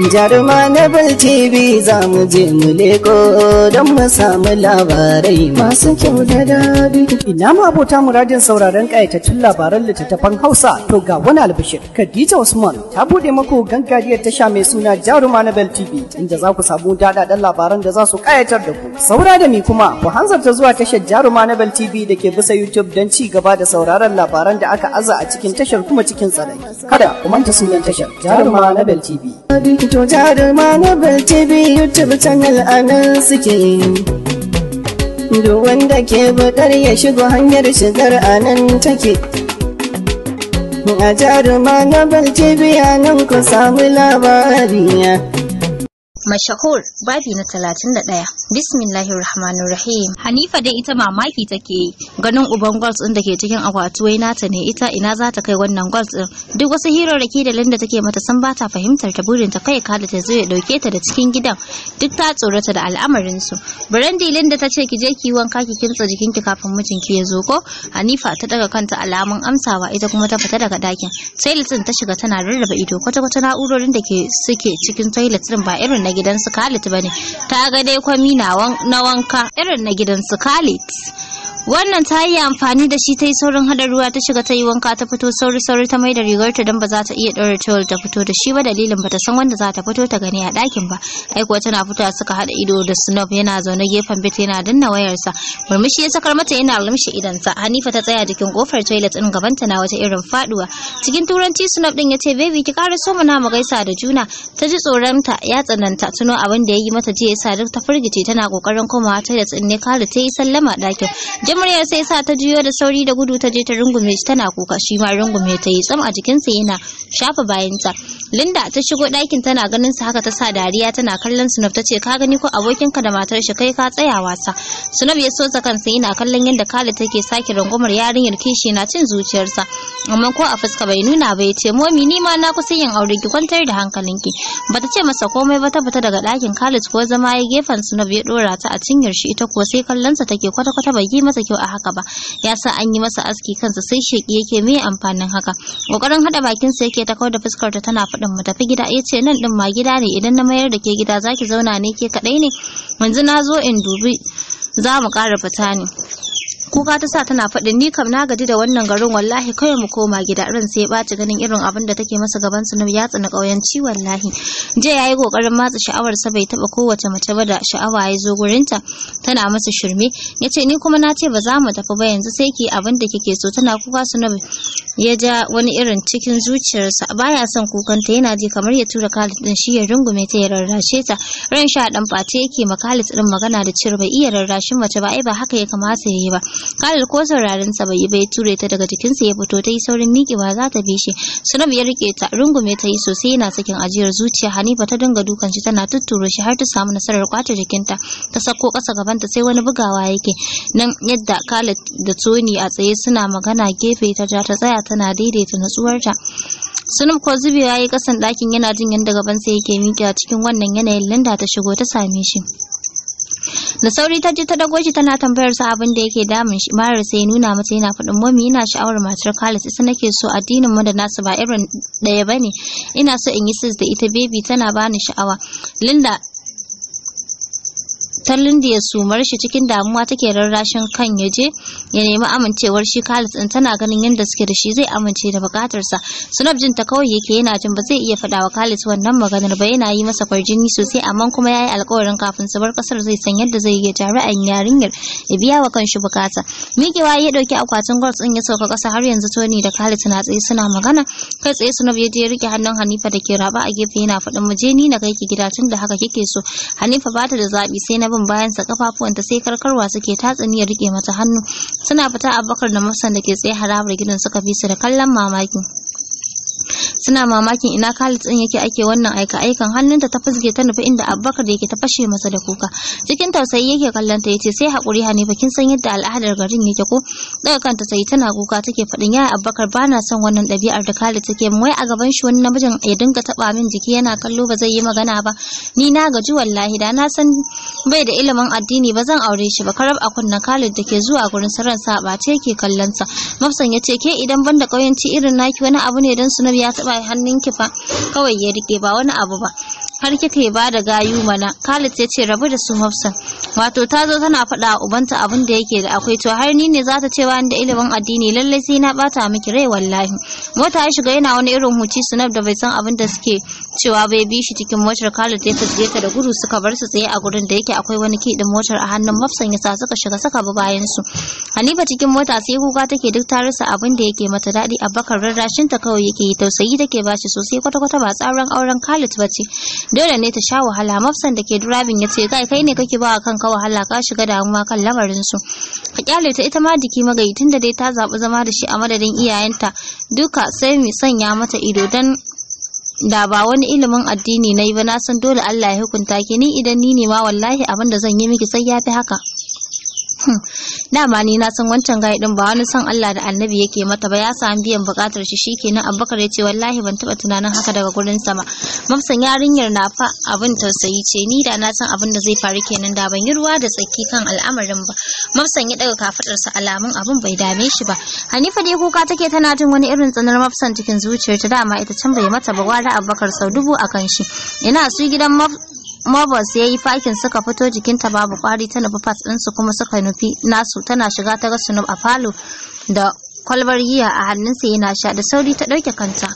Jaruma na TV za mu je mu leko don mu samu labarai masu kyau da dadi. Ina ma abota muradin sauraron ƙayatattun labaran littattafan Hausa to ga wani albishir. Khadija Usman ta buɗe maku gangariyar tasha mai suna Jaruma na TV inda za ku samu daɗaɗɗen labaran da za su ƙayatar da ku. Saura da ni kuma ku hanzarta zuwa tashar Jaruma na TV da ke bisa YouTube don ci gaba da sauraron labaran da aka aza a cikin tashar kuma cikin tsaron. Kada ku manta sunan tashar Jaruma na TV. to jaruma na barci biyu channel suke duk wanda ke bukar ya shigo hanyar shigar a nan take a jaruma na barci biya nan ku samu labariya mashahur babi na talatin da ɗaya Bismillahir Rahmanir Rahim. Hanifa dai ita mamaki take ganin uban gwal din da ke cikin akwati wai nata ne ita ina za ta kai wannan gwal din. Duk wasu hirarraki da Linda take mata san ba ta fahimtar ta burin ta kai kada ta zo ya dauke ta da cikin gidan. Duk ta tsorata da al'amarin su. Brandy Linda ta ce ki je ki wanka ki kintsa jikinki kafin mijinki ya zo ko? Hanifa ta daga kanta alamun amsawa ita kuma ta fita daga dakin. Sai Litin ta shiga tana rarraba ido kwata-kwata na'urorin da ke suke cikin toilet din ba irin na gidan su Khalid bane. Ta ga dai kwamina na wanka irin na gidan su Khalid. wannan ta yi amfani da shi ta yi saurin haɗa ruwa ta shiga ta yi wanka ta fito sauri sauri ta mai da ta don ba za ta iya ɗora tawul ta fito da shi ba dalilin ba ta san wanda za ta fito ta gani a ɗakin ba aiko tana fitowa suka haɗa ido da snob yana zaune gefen bit yana danna wayarsa murmushi ya sakar mata yana idan sa hanifa ta tsaya jikin kofar toilet ɗin gaban ta na wata irin faɗuwa cikin turanci snob ɗin ya ce baby ki ƙara so mu na mu gaisa da juna ta ji tsoronta ya tsananta tuno abin da ya yi mata jiya ya sa duk ta firgice tana ƙoƙarin komawa toilet ɗin ne kare ta yi sallama ɗakin Jin muryar sai sa ta juyo da sauri da gudu ta je ta rungume shi tana kuka shi ma rungume ta yi tsam a jikin sa yana shafa bayanta. Linda ta shigo ɗakin tana ganin sa haka ta sa dariya tana kallon Sunab ta ce ka gani ko ka da matar shi kai ka tsaya wasa. Sunab ya sosa kansa yana kallon yadda Khalid take sake rungumar yarinyar kishi na cin zuciyarsa. Amma ko a fuska bai nuna ba ya ce momi ni ma na kusa yin aure ki kwantar da hankalinki. Bata ce masa komai ba ta fita daga ɗakin Khalid ko zama ya gefen Sunab ya ɗora ta a cinyar shi ita kuwa sai kallonsa take kwata-kwata bai yi masa kyau a haka ba yasa an yi masa aski kansa sai sheki yake me amfanin haka kokarin hada bakinsa yake ta da fuskar ta tana faɗin mu tafi gida yace nan din ma gida ne idan na mayar da ke gida zaki zauna ne ke kadai ne yanzu na zo in dubi za mu kara fita ne kuka ta sa tana faɗin ni kam na gaji da wannan garin wallahi kawai mu koma gida ran sai ɓaci ganin irin abin da take masa gaban su ya tsana ƙauyanci wallahi je yayi kokarin matsa sha'awar sa bai taba kowace mace ba da sha'awa ya zo gurinta tana masa shirme yace ni kuma na ce ba za mu tafi ba yanzu sai ki abin da kike so tana kuka su na ya ja wani irin cikin zuciyarsa baya son kukanta yana ji kamar ya tura Khalid din shi ya rungume ta ya rarrashe ta ran sha dan face yake ma Khalid din magana da cire bai iya rarrashin mace ba ai ba haka ya kamata yayi ba Khalid ko sauraron sa bai bai ture ta daga sa ya fito ta yi saurin miƙewa za ta bi shi. Sunab ya rike ta rungume ta yi sosai yana sakin ajiyar zuciya Hanifa ta dinga dukan shi tana tutturo shi har ta samu nasarar kwace jikinta. Ta sako ƙasa gabanta sai wani bugawa yake. Nan yadda Khalid da Tony a tsaye suna magana gefe ta ta tsaya tana daidaita natsuwarta. sunum ko zubewa ya yi ƙasan ɗakin yana jin yadda sa yake miƙewa cikin wannan yanayin Linda ta shigo ta same shi. da sauri ta je ta dago shi tana tambayar sa abin da yake damun shi marar sai ya nuna mata yana faɗin momi yana sha'awar matar Khalid isa nake so addinin mu da nasu ba irin ɗaya bane ina so in yi sis da ita baby tana bani sha'awa Linda ta ya sumar shi cikin damuwa take rarrashin kan ya je ya nemi amincewar shi Khalid din tana ganin yadda suke da shi zai amince da bukatarsa Sunab jin ta kawai yake yana jin ba zai iya faɗa wa Khalid wannan maganar ba yana yi masa kwarjini sosai amma kuma yayi alƙawarin kafin su bar kasar zai san yadda zai yi jari'an yarinyar ya biya wa kan shi bukata Mikewa ya dauki akwatin gold din ya sauka kasa har yanzu Tony da Khalid suna tsaye suna magana kai tsaye Sunab ya je ya rike hannun Hanifa da ke raba a gefe yana faɗin mu ni na kai ki gida tunda haka kike so Hanifa ba ta da zabi sai na bin bayansa kafafuwanta sai karkarwa suke tatsuniyar rike mata hannu suna fita abakar da mafsan da ke tsaye harabar gidan suka fi su da kallon mamaki suna mamakin ina Khalid din yake ake wannan aika aikan hannunta ta fusge ta nufi inda Abubakar da yake ta fashe masa da kuka cikin tausayi yake kallon ta yace sai hakuri Hanifa kin san yadda al'adar garin yake ko daga kanta sai tana kuka take fadin yaya Abubakar na son wannan dabi'ar da Khalid take mu wai a gaban shi wani namijin ya dinga taba min jiki yana kallo ba zai yi magana ba ni na gaji wallahi da na san bai da ilimin addini ba zan aure shi ba karab a kunna Khalid da ke zuwa gurin saran sa ba ce ke kallon sa Mafsan yace ke idan ban da kauyanci irin naki wani abu ne dan Sunabi ya taba hannunki fa kawai ya rike ba wani abu ba har kike ba da gayu mana Khalid ya ce rabu da su Hafsa wato ta zo tana faɗa a ubanta abin da yake da akwai to har ni ne za ta ce da ilimin addini lallai sai na bata miki rai wallahi mota ya shiga yana wani irin huci sunab da bai san abin da suke cewa bai bi shi cikin motar Khalid ya fizge ta da gudu suka bar su tsaye a gurin da yake akwai wani kidin motar a hannun Hafsan sa suka shiga saka bi bayan su Hanifa cikin mota sai kuka take duk ta rasa abin da yake mata daɗi Abubakar rarrashin ta kawai yake yi tausayi take ba bashi sosai kwata-kwata ba tsaron auren Khalid bace dole ne ta sha wahala mafsan da ke durabin ya ce kai kai ne kake ba ka wahala ka shiga damuwa kan lamarin su ka kyale ta ita ma jiki magayi da dai ta zabi zama da shi a madadin iyayenta duka sai mi sanya mata ido dan da ba wani ilimin addini na yi ba na san dole Allah ya hukunta ki ni idan ni ne ma wallahi abin da zan yi miki sai ya fi haka Hmm. dama ni na san wancan gai din ba wani san Allah da annabi yake mata ba ya san biyan bukatar shi shikenan abubakar ya ce wallahi ban taba tunanin haka daga gurin sa ba mamsan yarinyar na fa abin tausayi ce ni da na san abin da zai faru kenan da ban yi ruwa da tsaki kan al'amarin ba mamsan ya daga sa alamun abin bai dame shi ba hanifa dai kuka take tana jin wani irin tsanar mafsan cikin zuciyarta dama ita can bai mata ba gwara abubakar sau dubu akan shi ina su gidan mobus ya yi fakin suka fito jikinta babu kwari ta nufi fas ɗinsu kuma suka nufi nasu tana shiga ta gasu a falo da kwalbar giya a hannunsa yana sha da sauri ta ɗauke kanta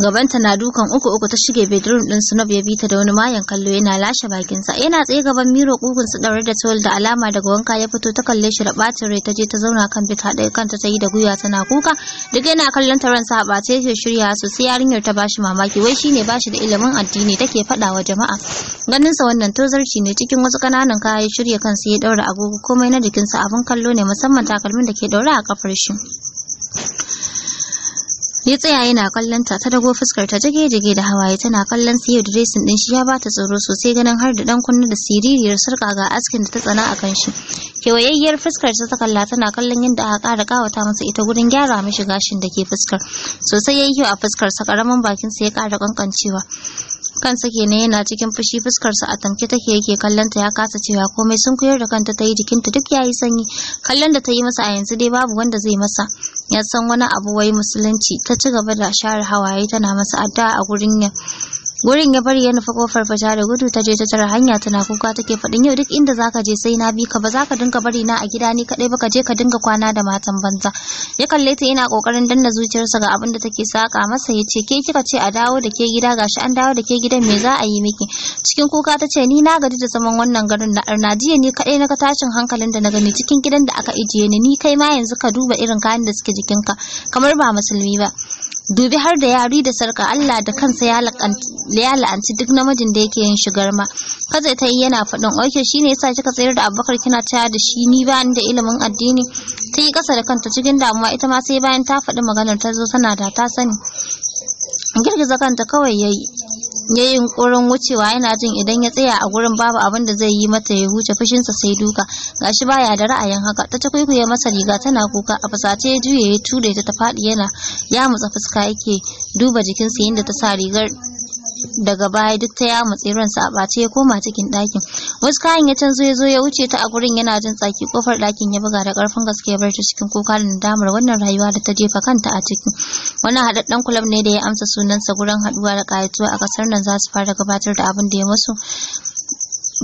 gabanta na dukan uku uku ta shige bedroom din Snob ya bi ta da wani mayan kallo yana lashe sa yana tsaye gaban miro kukun su daure da towel da alama daga wanka ya fito ta kalle shi da bacin rai ta je ta zauna kan bit haɗe kanta ta yi da guya tana kuka duk yana kallon ta ransa ba ta yake shirya sosai yarinyar ta bashi mamaki wai shine bashi da ilimin addini take faɗa wa jama'a ganin sa wannan tozarci ne cikin wasu kananan kaya ya shirya kansa ya daura agogo komai na jikinsa abin kallo ne musamman takalmin da ke daure a kafar shi ya tsaya yana kallon ta ta dago fuskar ta jige-jige da hawaye tana kallon sai yau dressing din shi ya bata tsoro sosai ganin har da dan kunna da siririyar sarka ga askin da ta tsana a kan shi kewayayyar fuskar ta kalla tana kallon yadda aka ƙara kawata masa ita gurin gyara mishi gashin da ke fuskar sosai yayi kyau a fuskar sa karamin bakin sa ya ƙara kankancewa kansa kenan yana cikin fushi fuskarsa a tamke take yake kallon ta ya kasa cewa komai sun koyar da kanta ta yi jikinta duk yayi sanyi kallon da ta yi masa a yanzu dai babu wanda zai masa ya san wani abu wai musulunci ta ci gaba da share hawaye tana masa addu'a a gurin ya gurin ya bari ya nufi kofar fita da gudu ta je ta tara hanya tana kuka take faɗin yau duk inda zaka je sai na bi ka ba zaka dinga bari na a gida ni kadai ba ka je ka dinga kwana da matan banza ya kalle ta yana kokarin danna zuciyarsa ga abin da take saka masa ya ce ke kika ce a dawo da ke gida gashi an dawo da ke gidan me za a yi miki cikin kuka ta ce ni na gaji da zaman wannan garin na arna jiya ni kadai naga tashin hankalin da na gani cikin gidan da aka ijiye ni ni kai ma yanzu ka duba irin kayan da suke jikinka kamar ba musulmi ba dubi har da yari da sarka Allah da kansa ya la'anci duk namijin da yake yin shigar ma kaza ta yi yana faɗin oke shine yasa kika tsayar da Abubakar kina taya da shi ni ba da ilimin addini ta yi kasa da kanta cikin damuwa ita ma sai bayan ta faɗi maganar ta zo tana da ta sani girgiza kanta kawai yayi ya yi ƙoron wucewa yana jin idan ya tsaya a gurin babu abin da zai yi mata ya huce fushinsa sai duka gashi baya da ra'ayin haka ta kwaikwaye masa riga tana kuka a fasace ya juye ya ture ta ta faɗi yana ya mutsa fuska yake duba jikinsa yadda ta sa rigar daga baya duk ta ya mutsi ransa a ɓace ya koma cikin ɗakin wasu kayan ya canzo ya zo ya wuce ta a gurin yana jin tsaki kofar ɗakin ya buga da ƙarfin gaske ya bar cikin kuka da nadamar wannan rayuwa da ta jefa kanta a ciki wannan haɗaɗɗen kulab ne da ya amsa sunansa gurin haɗuwa da ƙayatuwa a ƙasar nan za su fara gabatar da abin da ya musu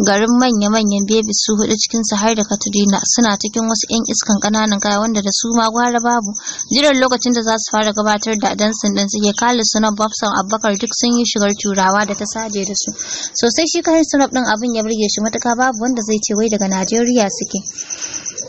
garin manya-manyan bebi su hudu cikinsu har da Katrina suna cikin wasu 'yan iskan kananan kaya wanda da su ma gwara babu. Jiran lokacin da za su fara gabatar da dansin din suke kali sunan Bobson Abubakar duk sun yi shigar turawa da ta saje da su. Sosai shi kai sunan din abin ya burge shi matuka babu wanda zai ce wai daga Najeriya suke.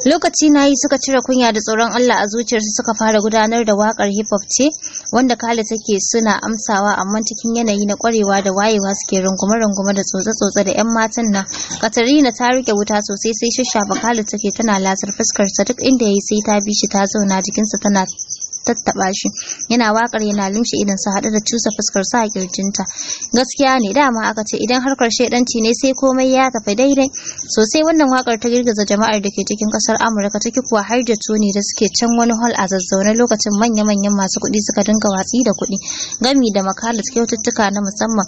Lokaci na yi suka cire kunya da tsoron Allah a zuciyarsu suka fara gudanar da wakar hip hop ce wanda Khalid take suna amsawa amma cikin yanayi na kwarewa da wayewa suke runguma rungume da tsotse-tsotse da 'yan matan nan. Katarina ta rike wuta sosai sai shashafa Khalid take tana lasar fuskarsa duk inda ya yi sai ta bi shi ta zauna jikinsa tana tattaba shi yana wakar yana lumshe idan sa hada da cusa fuskar sa kirjinta gaskiya ne dama aka ce idan har harkar shedanci ne sai komai ya tafi daidai sosai wannan wakar ta girgiza jama'ar da ke cikin kasar Amurka take kuwa har da tuni da suke can wani hall a zazzaune lokacin manya-manyan masu kuɗi suka dinga watsi da kuɗi gami da makalar kyaututtuka na musamman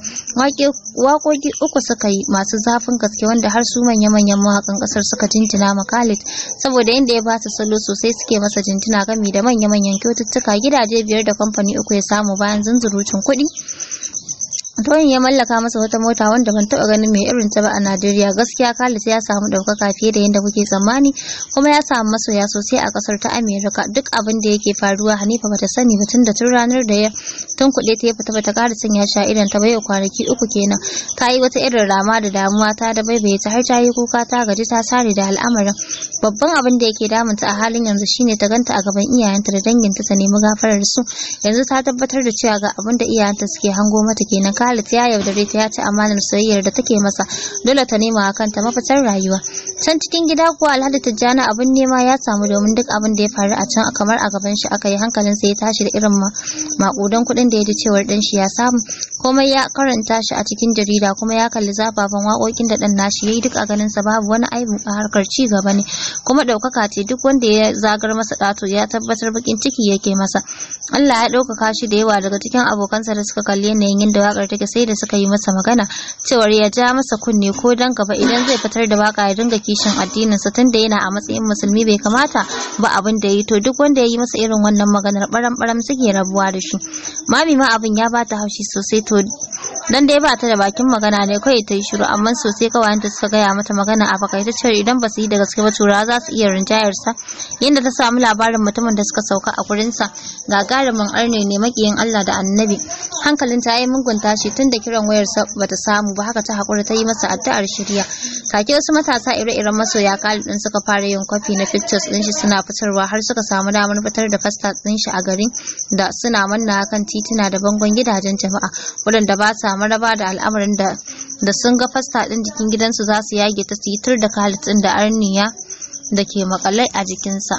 waƙoƙi uku suka yi masu zafin gaske wanda har su manya-manyan mawaƙan ƙasar suka jinjina makalit saboda inda ya ba su salo sosai suke masa jinjina gami da manya-manyan kyaututtuka kantuttuka gidaje biyar da kamfani uku ya samu bayan zunzurucin kuɗi Tony ya mallaka masa wata mota wanda ban taɓa ganin mai irin ta ba a Najeriya gaskiya Khalid ya samu ɗaukaka fiye da yadda kuke tsammani kuma ya samu masoya sosai a ƙasar ta Amerika duk abin da yake faruwa Hanifa bata sani ba tun da tun ranar da ya tunkuɗe ta ya fita bata ƙara sanya sha idan ta bai kwanaki uku kenan ta yi wata irin rama da damuwa ta da bai ta har ta yi kuka ta gaji ta sare da al'amarin babban abin da yake damunta a halin yanzu shine ta ganta a gaban iyayenta da danginta ta nemi gafarar su yanzu ta tabbatar da cewa ga abin da iyayenta suke hango mata kenan Khalid ya yaudare ta ya ci amanar soyayyar da take masa dole ta nema kanta mafitar rayuwa can cikin gida kuwa Alhaji Tijjani abun nema ya samu domin duk abin da ya faru a can kamar a gaban shi aka yi hankalin sai ya tashi da irin makudan kuɗin da ya ji cewar dan shi ya samu komai ya karanta shi a cikin jarida kuma ya kalli zababan waƙoƙin da dan nashi yi duk a ganin sa babu wani aibu a harkar ci gaba ne kuma ɗaukaka ce duk wanda ya zagar masa ɗato ya tabbatar bakin ciki yake masa Allah ya ɗaukaka shi da yawa daga cikin abokansa da suka kalli yanayin yadda waƙar take take sai da suka yi masa magana cewar ya ja masa kunne ko dan gaba idan zai fitar da waka ya dinga kishin addinin sa tunda yana a matsayin musulmi bai kamata ba abin da yi to duk wanda ya yi masa irin wannan maganar baram baram suke rabuwa da shi mami ma abin ya bata haushi sosai to dan dai ba ta da bakin magana ne kawai ta yi shiru amma sosai ta suka gaya mata magana a baka ta ce idan ba su yi da gaske ba turawa za su iya rinjayar sa yadda ta samu labarin mutumin da suka sauka a ga gagarumin arne ne makiyin Allah da annabi hankalin ta yi mungun shi tun da kiran wayar sa bata samu ba haka ta hakura ta yi masa addu'ar shirya kake wasu matasa ire-iren masoya Khalid din suka fara yin kwafi na pictures din shi suna fitarwa har suka samu damar fitar da fasta din shi a garin da suna manna kan tituna da bangon gidajen jama'a waɗanda ba sa maraba da al'amarin da da sun ga fasta ɗin jikin gidansu za su yage ta su tur da kalit ɗin da arniya da ke makalai a jikinsa.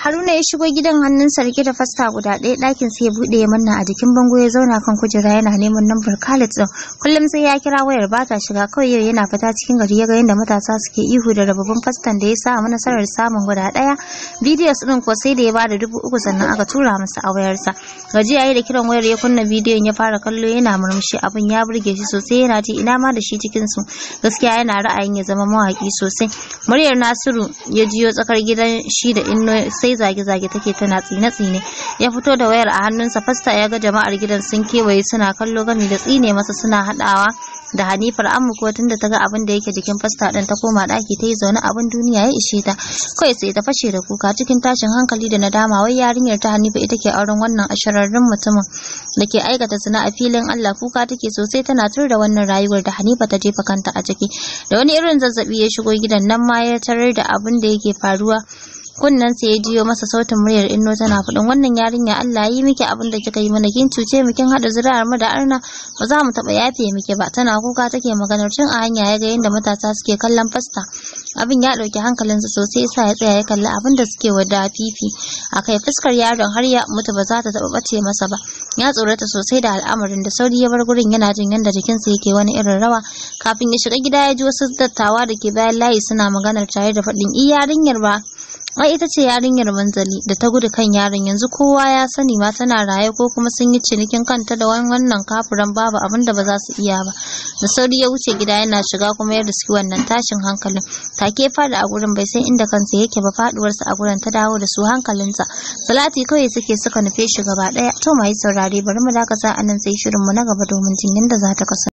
Haruna ya shigo gidan hannun sarki da fasta guda ɗaya ɗakin sai ya buɗe ya manna a jikin bango ya zauna kan kujera yana neman lambar Khalid ɗin. Kullum sai ya kira wayar ba ta shiga kawai yau yana fita cikin gari ya ga yadda matasa suke ihu da rababbin fastan da ya sa nasarar samun guda ɗaya. Bidiyos ɗin ko sai da ya bada dubu uku sannan aka tura masa a wayarsa. Gajiya ya da kiran wayar ya kunna bidiyon ya fara kallo yana murmushi abin ya burge shi sosai yana ji ina ma da shi cikin su Gaskiya yana ra'ayin ya zama mawaki sosai. Muryar Nasiru ya jiyo tsakar gidan shi da inno sai sai zage-zage take tana tsine-tsine ya fito da wayar a hannunsa fasta ya ga jama'ar gidan sun kewaye suna kallo gami da tsine masa suna hadawa da Hanifar amma tun da ta ga abin da yake jikin fasta ɗin ta koma daki ta yi zaune abin duniya ya ishe ta kawai sai ta fashe da kuka cikin tashin hankali da nadama wai yarinyar ta Hanifa ita ke auren wannan ashararrun mutumin da ke aikata suna a filin Allah kuka take sosai tana tur da wannan rayuwar da Hanifa ta jefa kanta a ciki da wani irin zazzabi ya shigo gidan nan ma ya tarar da abin da yake faruwa kunnensa ya jiyo masa sautin muryar inno tana faɗin wannan yarinya Allah yi miki abin da kika yi mana kin cuce mu kin hada zuri'ar mu da arna ba za mu taba yafe miki ba tana kuka take maganar tun a hanya ya ga yadda matasa suke kallon fasta abin ya ɗauki hankalinsa sosai sa ya tsaya ya kalli abin da suke wada fifi akai fuskar yaron har ya mutu ba za ta taba bace masa ba ya tsorata sosai da al'amarin da sauri ya bar gurin yana jin yadda jikinsa yake wani irin rawa kafin ya shiga gida ya ji wasu dattawa da ke bayan layi suna maganar tare da faɗin i yarinyar ba ai ita ce yarinyar manzali da ta gudu kan yaron yanzu kowa ya sani ma tana raye ko kuma sun yi cinikin kanta da wannan kafuran babu abin da ba za su iya ba da sauri ya wuce gida yana shiga kuma ya riski wannan tashin hankalin take fada a gurin bai san inda kansa yake ba faduwarsa a gurin ta dawo da su hankalinsa salati kawai suke suka nufe shi gaba daya to mai saurare bari mu dakata anan sai shirin mu na gaba domin jin yadda za ta kasance